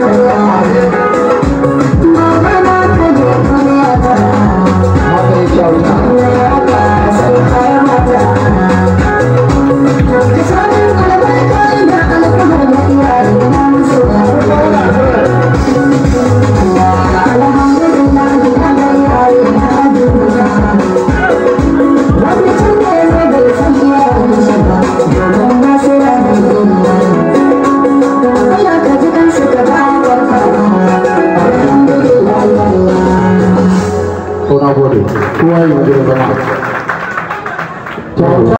Gracias. na gode kowa yi magana zama